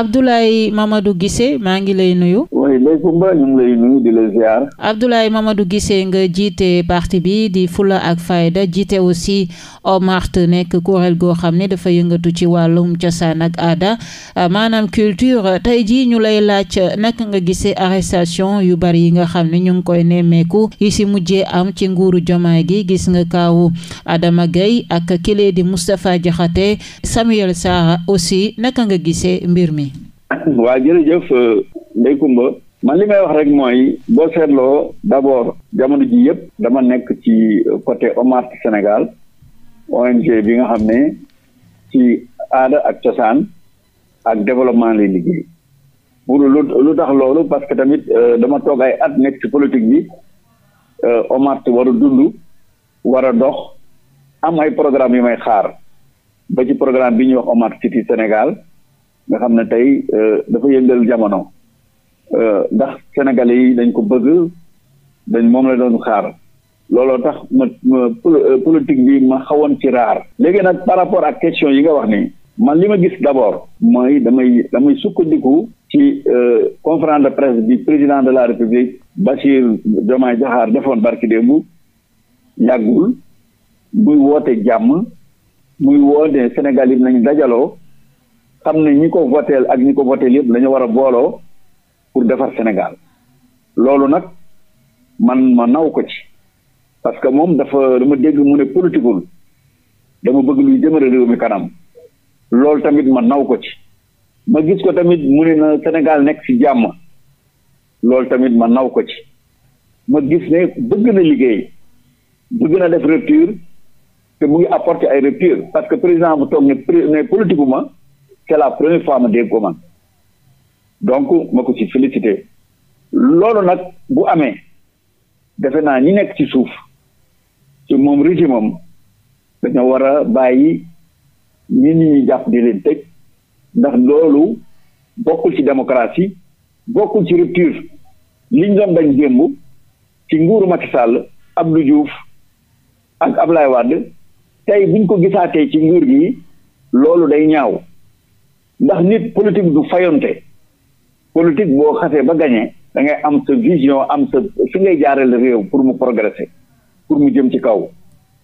Abdoulaye Mamadou Guissé maa ngi lay nuyu oui Ndeye Comba ñu nga jiite parti bi di Fulla ak Fayda jiite aussi OMART nekk kuréel goo xam ne dafa yëngatu ci wàllum cosaan ak aada maanaam culture tey jii ñu lay laaj naka nga gisee arrestation yu bari yi nga xam ne ñu ngi koy nemmeeku yi si mujjee am ci nguuru jomaay gi gis nga kaawu aadama Gaye ak kile di Moustapha Diakhaté Samuel Sarr aussi naka nga gisee mbir mi. waa jërëjëf euh, Ndeye Comba man li may wax rek mooy boo seetloo d'abord jamono ji yëpp dama nekk ci côté OMART Sénégal ONG bi nga xam ne ci aada ak cosaan ak développement lay liggéey pour lu lu tax loolu parce que tamit euh, dama toog ay at nekk ci politique bi euh, OMART war a dund war a dox am ay programme yi may xaar ba ci programme bi ñuy wax OMART City Sénégal nga xam ne tey euh, dafa yëngal jamono Euh, ndax sénégal yi dañ ko bëgg dañ moom la doon xaar looloo tax ma ma euh, politique bi ma xawoon ci raar. léegi nag par rapport ak question yi nga wax ni man li ma gis d'abord mooy damay damay sukkandiku ci euh, conférence de presse bi président de la république Bassirou Diomaye Diakhar defoon barki démb yàggul muy woote jàmm muy woote Sénégal yi nañu dajaloo xam ne ñi ko voteel ak ñi ko voteel yëpp dañu war a booloo pour defar Sénégal loolu nag man ma naw ko ci parce que moom dafa dama dégg mu ne politikul dama bëgg luy jëmale réew mi kanam loolu tamit ma naw ko ci ma gis ko tamit mu ne na Sénégal nekk ci jàmm loolu tamit ma naw ko ci ma gis ne bëgg na liggéey bëgg na def rupture te mu ngi apporter ay rupture parce que président bu toog ne ne ma c'est la première fois ma dégg ko man donc ma ko ci félicité loolu nag bu amee defe naa ñi nekk ci suuf ci moom régime am dañoo war a bàyyi ñi nit ñi jàpp di leen tëj ndax loolu bokkul ci démocratie bokkul ci rupture liñ doon dañ démb ci nguuru Macky Sall Abdou Diouf ak Ablaye Wade tey buñ ko gisaatee ci nguur gi loolu day ñaaw ndax nit politique du fayonte politique boo xasee ba gagné da ngay am sa vision am sa fi ngay jaarale réew pour mu progresser pour mu jëm ci kaw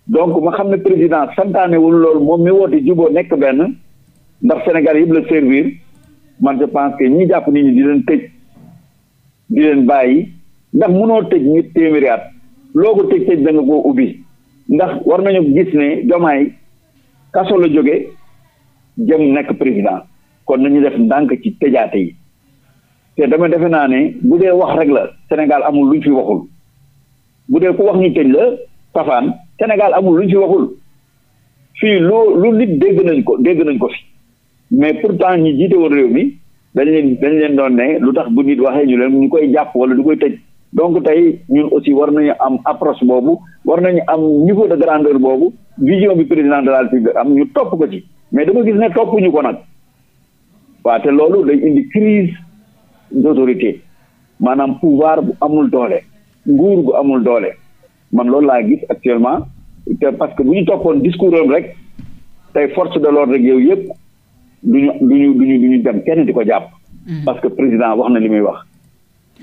donc ma xam ne président santaane wul loolu moom mi woote juboo nekk benn ndax Sénégal yëpp la servir man je pense que ñi jàpp nit ñi di leen tëj di leen bàyyi ndax munoo tëj nit téeméeri at loo ko tëj tëj da nga koo ubbi ndax war nañu gis ne jomaay kaso la jóge jëm nekk président kon nañu def ndànk ci tëjaate yi te dama defe naa ne bu dee wax rek la Sénégal amul lu luñ fi waxul bu dee ku wax ñu tëj la safaan Sénégal amul luñ fi waxul fii loo lu nit dégg nañ ko dégg nañ ko fi mais pourtant ñi jiite woon réew mi dañ leen dañ leen doon ne lu tax bu nit waxee ñu leen ñu koy jàpp wala du koy tëj donc tey ñun aussi war nañu am approche boobu war nañu am niveau de grandeur boobu vision bi président de la République am ñu topp ko ci mais dama gis ne topp ñu ko nag waa te d'autorité maanaam pouvoir bu amul doole nguur gu amul doole man loolu laa gis actuellement parce que bu ñu toppoon discours am rek tey force de l'ordre rek yow yëpp du ñu du ñu du ñu du ñu dem kenn di ko jàpp. Mm. parce que président wax na li muy wax.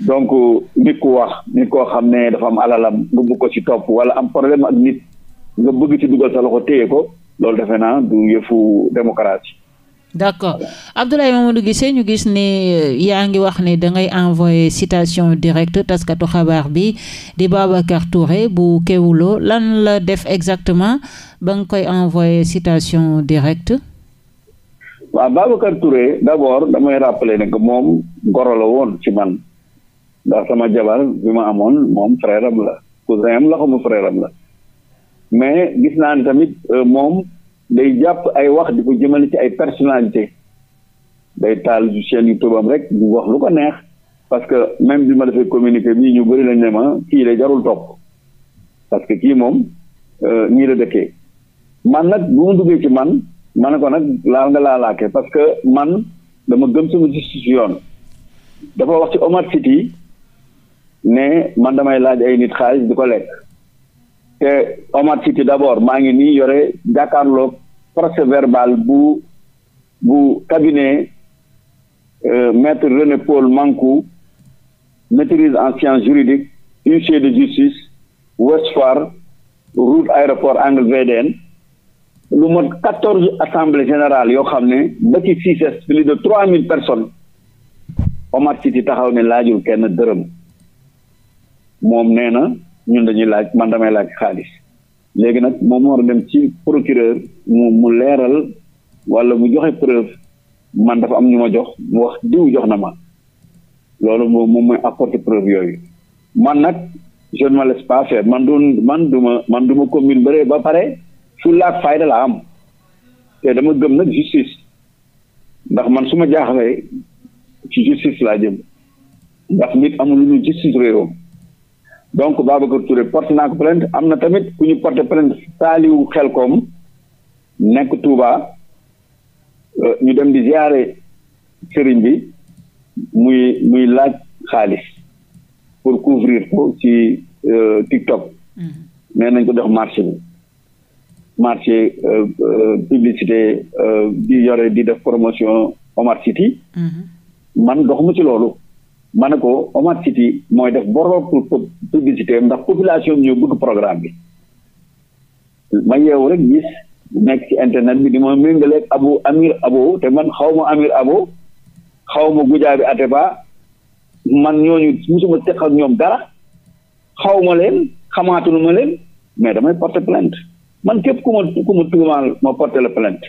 donc nit ku wax nit koo xam ne dafa am alalam nga bëgg ko ci topp wala am problème ak nit nga bëgg ci dugal sa loxo téye ko loolu defe naa du yëfu démocratie. d' accord Abdoulaye Mamadou Guissé ñu gis ni euh, yaa ngi wax ni da ngay envoyé citation directe taskatu xabaar bi di Babacar Touré bu Kewoulo lan la def exactement ba nga koy envoyé citation directe waa Babacar Touré d' abord damay rappeler ne moom goro la woon ci man ndax sama jabar bi ma amoon moom frère la cousin am la xamu frère la mais gis naa ni tamit euh, moom day jàpp ay wax di ko jëmale ci ay personnalité day taal chaîne YouTube am rek di wax lu ko neex parce que même bi ma defee communiqué bii ñu bëri lañ ne ma kii la jarul topp parce que kii moom ñii euh, la dëkke man nag bu mu duggee ci man ma ne ko nag laal nga laalaake parce que man dama gëm sama justice yoon dafa wax ci Omar City ne man damay laaj ay nit xaalis di ko lekk te Omar City d'abord maa ngi nii yore jàkkaarloog procès verbal bu bu cabinet euh, maître René Paul Mankou maîtrise en sciences juridiques huissier de justice Ouest Foire aéroport angle VDN lu mot quatorze assemblée générale yoo xam ne ba ci CICES plus de trois mille personnes Omar City taxaw ne laajul kenn dërëm moom nee na ñun dañuy laaj man damay laaj xaalis léegi nag moom moo war a dem ci procureur mu mu leeral wala mu joxe preuve man dafa am ñu ma jox mu wax diw jox na ma loolu moom moom mooy apporter preuve yooyu man nag je ne me man du man du ma man du ma commune bëree ba pare su ak fayda la am te dama gëm nag justice ndax man su ma jaaxlee ci justice laa ndax nit amul lu ñu justice réewam donc Babacar Touré porte naa ko plainte am na tamit ku ñu porté plainte saaliwu xel koom nekk Touba euh, ñu dem di ziare sëriñ bi muy muy laaj xaalis pour couvrir ko ci euh, TikTok. mais mm-hmm. nañ ko dox marché bi marché euh, publicité di yore di def promotion Omar City. Mm-hmm. man dox ma ci loolu. ma ne ko Omar City mooy def boroom pour publicité ndax population bi ñoo bëgg programme bi ma yeewu rek gis nekk ci internet bi di ma méngaleeg abu amir abo te man xaw ma amir abo xaw ma gujaabi Atepa man ñooñu musuma teq ak ñoom dara xaw ma leen xamaatunu leen mais damay porter plainte man képp ku ma ku ma tuumaal ma porter la plainte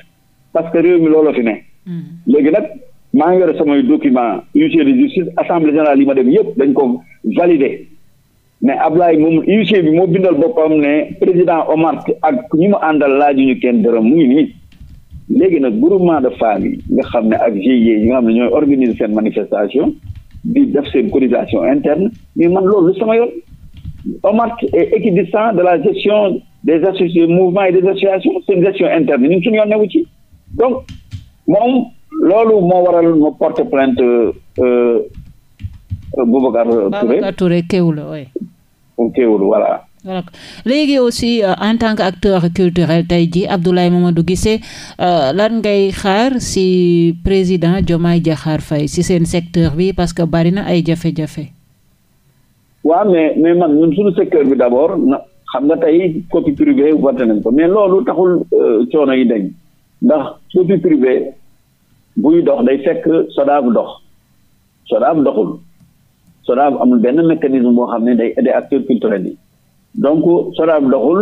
parce que réew mi looloo fi ne mm. léegi nag maa ngi samay document huissier de justice assemblée générale yi ma dem yëpp dañ ko validé mais Ablaye moom huissier bi moo bindal boppam ne président Omar ak ñi mu àndal laaj ñu kenn dërëm mu ngi nii léegi nag groupement de femmes yi nga xam ne ak GIE yi nga xam ne ñooy organiser seen manifestation di def seen cotisation interne mais man loolu lu sama yoon Omar est équidistant de la gestion des associations mouvements et des associations seen gestion interne ñun suñu yoon newu ci donc loolu moo waral ma porte plainte euh, euh, Boubacar Touré Boubacar Touré Kéwoulo oui. Kéwoulo voilà. léegi aussi euh, en tant que acteur culturel tey jii Abdoulaye Mamadou Guissé euh, lan ngay xaar si président Diomaye Diakhar fay si seen secteur bi parce que bari na ay jafe-jafe. waaw ouais, mais mais man ñun suñu secteur bi d' abord na xam nga tey copie privée voté nañ ko mais loolu taxul coono yi dañ ndax copie privée buy dox day fekk SODAV dox SODAV doxul SODAV amul benn mécanisme boo xam ne day aider acteurs culturels donc SODAV doxul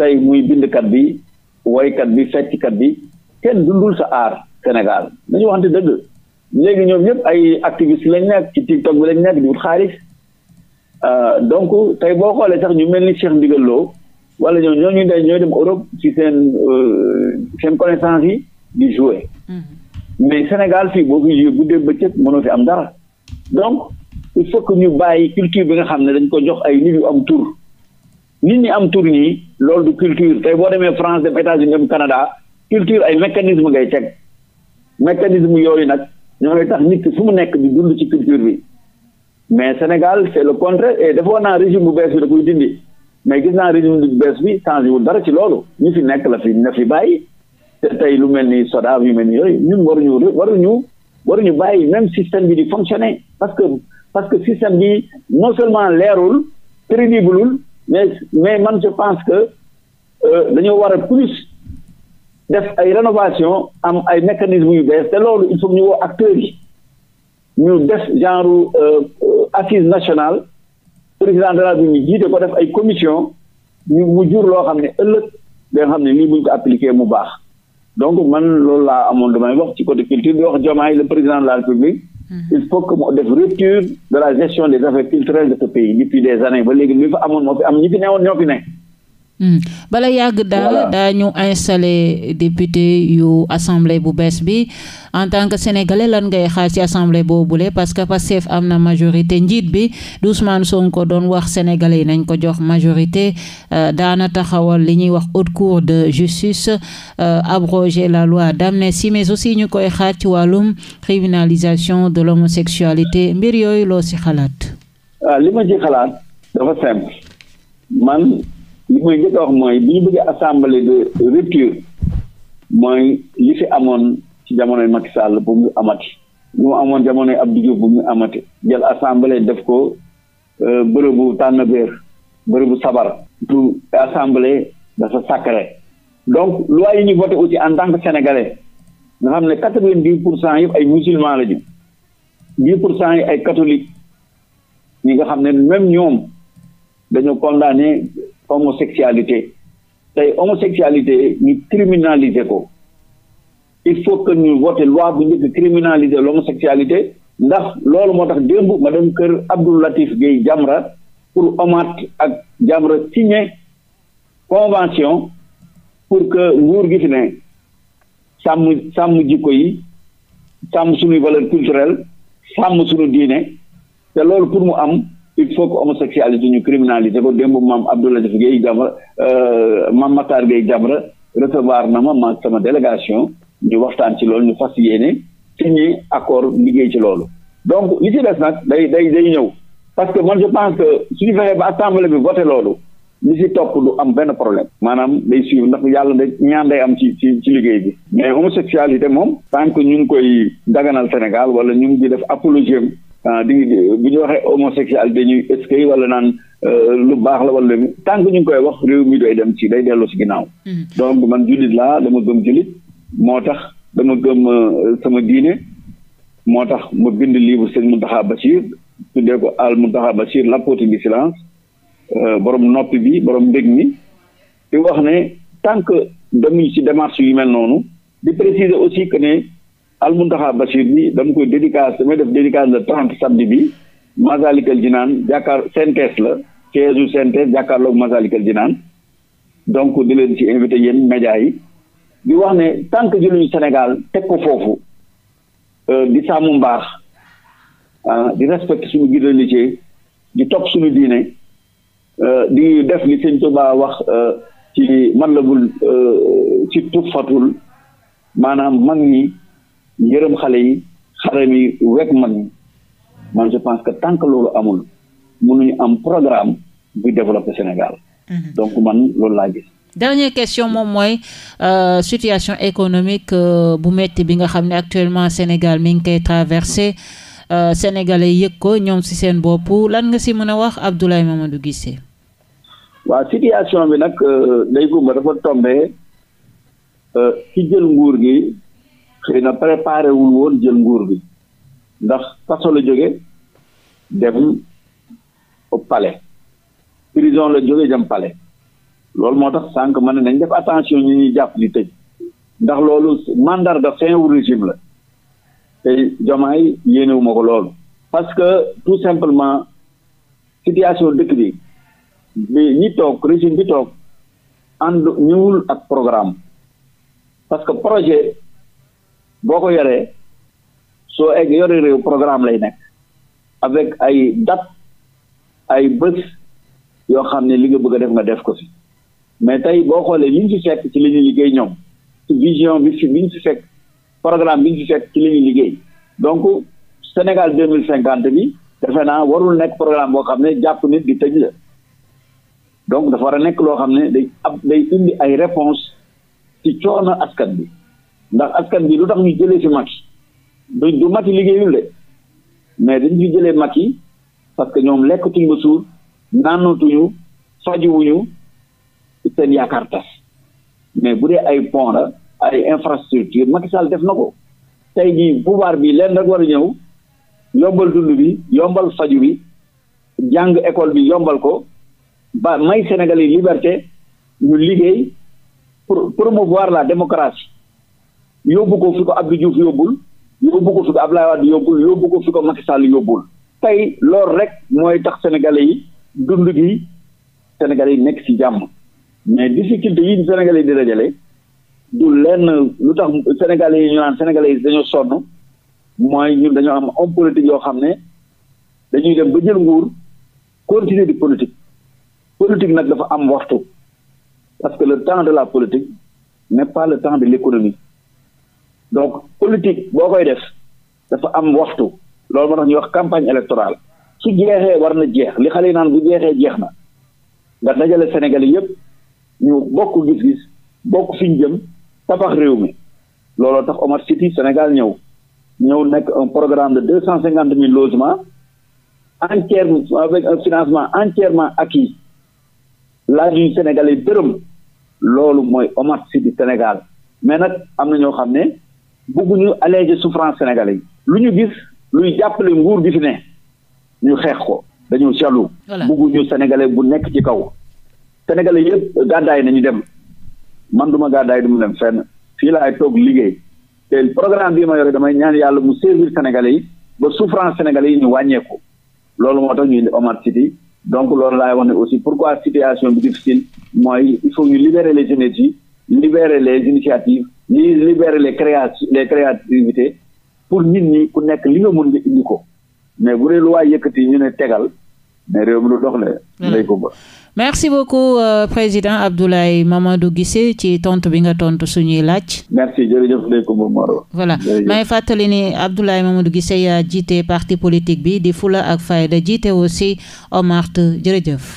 tey muy bindkat bi woykat bi fecckat bi kenn dundul sa aar Sénégal nañu waxante dëgg léegi ñoom ñëpp ay activistes lañ nekk ci TikTok bi lañ nekk di wut xaalis euh, donc tey boo xoolee sax ñu mel ni Cheikh Ndigal loo wala ñoom ñooñu day ñooy dem Europe ci seen euh, seen connaissance yi di jouer mm-hmm. mais Sénégal fii boo fi bu dee bëccëg mënoo fi am dara donc il faut que ñu bàyyi culture bi nga xam ne dañ ko jox ay nit yu am tur nit ñi am tur ñi loolu du culture tey boo demee France dem États-Unis dem Canada culture ay mécanisme ngay teg mécanisme yooyu nag ñooy tax nit fu mu nekk di dund ci culture bi mais Sénégal se le contraire et defoon naa régime bu bees bi da koy dindi mais gis naa régime bu bees bi changé wul dara ci loolu ñu fi nekk la fi na fi bàyyi tey lu mel ni SODAV yu mel ni yooyu ñun waruñu waruñu waruñu bàyyi même système bi di fonctionner parce que parce que système bi non seulement leerul crédibleul mais mais man je pense que euh, dañoo war a plus def ay rénovation am ay mécanismes yu bees te loolu il faut ñu woo acteurs yi ñu def genre euh, assise national président de la ñu jiite ko def ay commission ñu mu jur loo xam ne ëllëg da nga xam ne lii buñ ko appliqué mu baax donc man loolu laa amoon damay wax ci côté culture di wax Diomaye le président de la République hmm. il faut que mu def rupture de la gestion des affaires culturelles de ce pays depuis des années ba léegi li fa amoon mo fi am ñi fi newoon ñoo Hmm. bala yàgg daal daañu installé député yu assemblée bu bees bi en tant que sénégalais lan ngay xaar ci assemblée boobule parce que Pastef am na majorité njiit bi Ousmane Sonko doon wax sénégalais yi nañ ko jox majorité euh, daana taxawal li ñuy wax haute cour de justice euh, abroger la loi d'amnistie mais aussi ñu koy xaar ci wàllum criminalisation de l'homosexualité mbir yooyu loo ci xalaat. Ah, li ma ci xalaat dafa simple man. li muy mooy bi ñu bëggee assemblée de rupture mooy li amoon ci jamonoy Macky Sall bu mu amati li amoon jamonoy Abdou Diouf amati jël assemblée def ko euh, bërëbu tànn béer bërëbu sabar tout assemblée dafa sacré donc loi yi ñu voté aussi en tant que sénégalais nga xam ne quatre vingt dix pour cent yëpp ay musulmans la ñu dix pour cent ay catholiques ñi nga xam ne même ñoom dañoo condamné homosexualité tey homosexualité ñu criminaliser ko il faut que ñu vote loi bu njëkk criminaliser l'homosexualité ndax loolu moo tax démb ma dem kër Abdou Latif Gueye Jamra pour OMAT ak Jamra signer convention pour que nguur gi fi ne sàmm sàmm jikko yi sàmm suñuy valeur culturelle sàmm suñu diine te loolu pour mu am il faut que homosexualité ñu criminaliser ko démb maam Abdoulaye Diouf Guèye Jamra euh, maam Matar Guèye Jamra recevoir na ma ma sama délégation ñu waxtaan ci loolu ñu fas yéene signé accord liggéey ci loolu donc li ci des nag day day day ñëw parce que man je pense que suñu fexee ba assemblée bi voté loolu li ci topp du am benn problème maanaam day suivre ndax yàlla da ñaan day am ci ci ci liggéey bi mais homosexualité moom tant que ñu ngi koy daganal Sénégal wala ñu ngi def apologie ah di bu ñu waxee homosexuel dañuy est-ce que wala naan euh, lu baax la wala tant tànk ñu ngi koy wax réew mi day dem ci day dellu ci ginnaaw. Mm-hmm. donc man jullit laa dama gëm jullit moo tax dama gëm euh, sama giine moo tax ma bind livre sëñ Mountakha Bachir tuddee ko al Mountakha Bachir l'apôtre du silence euh, borom noppi bi borom mbég mi di wax ne tant que demuñ ci démarche yu mel noonu di préciser aussi que ne. almuntaxa Bachir bi dama koy dédicace damay def dédicace le trente samedi bi Masalikal naan jàkkaar synthèse la siège synthèse jàkkaarloog Masalikal naan donc di leen ci invité yéen média di wax ne tant que jëluñu Sénégal teg ko foofu euh, di sàmm mbaax ah, di respecté suñu guide religieux di topp suñu diine euh, di def li sëñ Tuubaa wax euh, ci man la bul ci tuffatul maanaam mag ñi yërëm xale yi xaram yi wekk mag man je pense que tant loolu amul mënuñu am programme bu développer Sénégal mhm. donc man loolu laa gis dernière question moom mooy euh, situation économique euh, bu metti bi nga xam ne actuellement Sénégal mi ngi koy traversé euh, yëg ko ñoom si seen bopp lan nga si mën a wax Abdoulaye Mamadou Guissé waaw situation bi nag Ndeye euh, Comba dafa tombé euh, ci jël nguur gi xëy na préparé wul woon jël nguur bi ndax kaso la jóge dem palais prison la jóge dem pale loolu moo tax sànq ma ne nañ def attention ñu ñuy jàpp di tëj ndax loolu mandarga fin wu régime la te jomaay yéenewuma ko loolu parce que tout simplement situation dëkk bi bi ñi toog régime bi toog ànd ñëwul ak programme parce que projet boo ko yoree soo egg yoree réew programme lay nekk avec ay date ay bés yoo xam ne li nga bëgg a def nga def ko si mais tey boo xoolee li ñu fi fekk ci li liggéey ñoom ci vision bi fi bi ñu fi fekk programme bi ñu fi fekk ci li liggéey donc Sénégal deux mille cinquante bi defe naa warul nekk programme boo xam ne jàpp nit di tëj la donc dafa war a nekk loo xam ne day ab day indi ay réponse ci coono askan bi ndax askan bi lu tax ñu jëlee fi Macky du du Macky liggéeyul de mais dañ fi jëlee Macky parce que ñoom lekk lekkatuñ ba suur naanatuñu fajuwuñu seen yaakaar tas mais bu dee ay pont ay infrastructure Macky Sall def na ko tey jii pouvoir bi leen rek war a ñëw yombal dund bi yombal faju bi jàng école bi yombal ko ba may Sénégal yi liberté ñu liggéey pour promouvoir la démocratie yóbbu ko fi ko Abdou Diouf yóbbul yóbbu ko fi ko yóbbul yóbbu ko fi ko Macky Sall yóbbul tey lool rek mooy tax sénégalais yi dund gi sénégalais yi nekk ci jàmm mais difficulté yi sénégalais yi di dajale du lenn lu tax sénégalais yi ñu naan sénégalais yi dañoo sonn mooy ñun dañoo am homme politique yoo xam ne dañuy dem ba jël nguur continuer di politique politique nag dafa am waxtu parce que le temps de la politique n'est pas le temps de l'économie donc politique boo koy def dafa am waxtu loolu moo tax ñuy wax campagne électorale su jeexee war na jeex li xale yi naan bu jeexee jeex na nga dajale Sénégalais yépp ñu bokk gis-gis bokk fi jëm tabax réew mi looloo tax Omar City Sénégal ñëw ñëw nekk un programme de deux cent cinquante mille logements entièrement avec un financement entièrement acquis laajuñu Sénégalais dërëm loolu mooy Omar City Sénégal mais nag am na ñoo xam ne bëgguñu alléger souffrance sénégalais yi lu ñu gis luy jàppale nguur gi fi ne ñu xeex ko dañu jaloux bëgguñu sénégalais bu nekk ci kaw sénégalais yëpp gàddaay nañu dem man duma gàddaay du mu dem fenn fii laay toog liggéey te programme bi ma yore damay ñaan yàlla mu servir sénégalais yi ba souffrance sénégalais yi ñu wàññeeku loolu moo tax ñuy indi Omar City donc loolu laay wax ne aussi pourquoi situation bi difficile mooy il faut ñu libérer les énergies libérer les initiatives ñuy libérer les créations les créativités pour nit ñi ku nekk li nga mun nga indi ko mais bu dee lu waay yëkkati ñu ne tegal mais réew mi dox la. Hmm. ndey ko ba. merci euh, ci tontu bi nga tontu suñuy laaj. merci jërëjëf may fàttali ni Abdoulaye Mamadou Guissé yaa jiite parti politique bi di Fula ak Fayda jiite aussi Omart jërëjëf.